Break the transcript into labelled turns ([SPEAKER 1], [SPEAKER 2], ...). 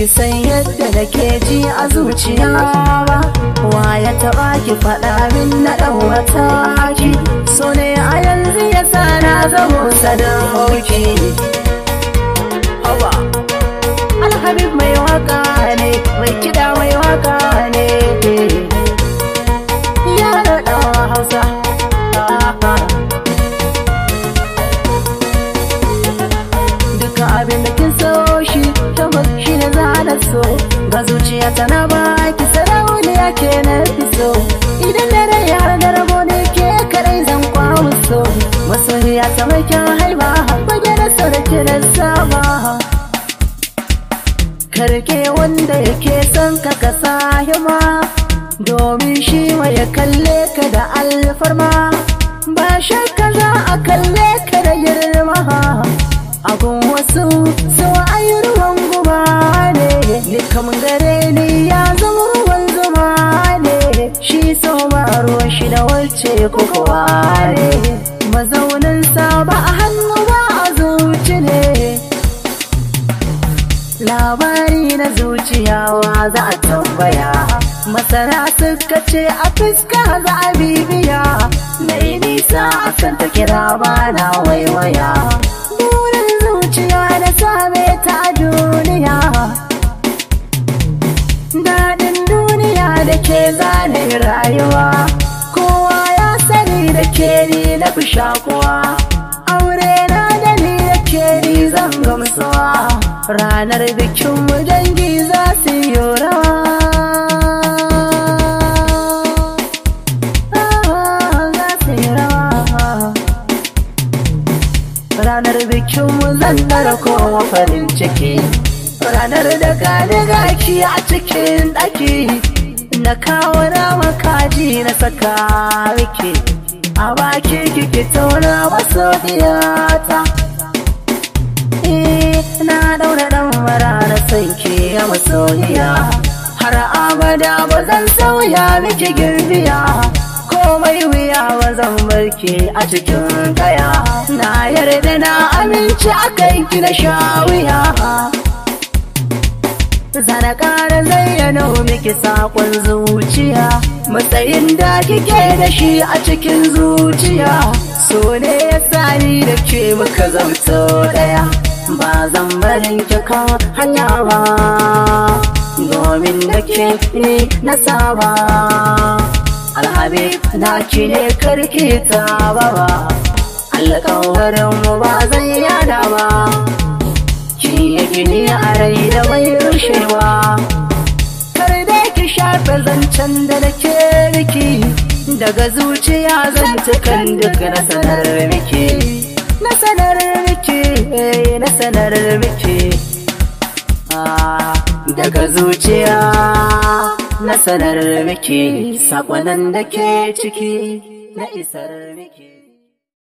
[SPEAKER 1] ki san yadda nake ji a zuciya wa ya taba ki faɗa min na ɗaurata ki so ne a yanzu ya sa na zamo sadauki Alhabib mai ta na baki sarauniya ke na fi so idan dare ya da rabo ne ke kadai zan kwamu so masoyiya ta mai kyan haiba bage da sarki da saba karke wanda yake son ka ka sahima domin shi ya kalle ka da alfarma ba shakka za a kalle ka da girma agun wasu so ayi ruwan guba ne ne gare ya kuka ware mazaunin sa ba a hannu ba a zuci ne labari na zuciyawa za a tambaya masana suka ce a fuska za a bibiya mai nisa a kan ta kira ba na waiwaya burin zuciya da same ta a duniya daɗin duniya da ke zane rayuwa fi shakuwa aure na da ni yake ni zan gamsuwa ranar bikin mu dangi za su yi rawa ranar bikin mu zan dara kowa farin ciki ranar da galiga ki a cikin ɗaki na kawo nama kaji na saka wiki a baki kike tauna wasu Eh na daura dan marara son ke ya masoyiya har abada ba zan sauya miki girbiya komai wuya ba zan barke a cikin kaya na yarda na aminci akan ki na shawiya zai miki sakon zuciya matsayin da kike da shi a cikin zuciya so ne ya sani da ke muka zamto daya ba zan barin ki kan hanya ba domin da ke ni na saba alhabi na ki ne karki ta baba alƙawarin mu ba zan yada ba ki yi gini a rai da mai rushewa Zan canza da nake riki daga zuciya zan kan duk na sanar miki na sanar miki eh, na sanar miki ah, daga zuciya na sanar miki sakonan da ke ciki na isar miki